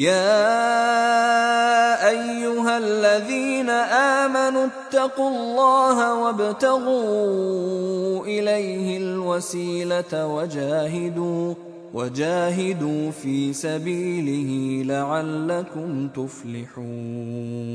يا ايها الذين امنوا اتقوا الله وابتغوا اليه الوسيله وجاهدوا وجاهدوا في سبيله لعلكم تفلحون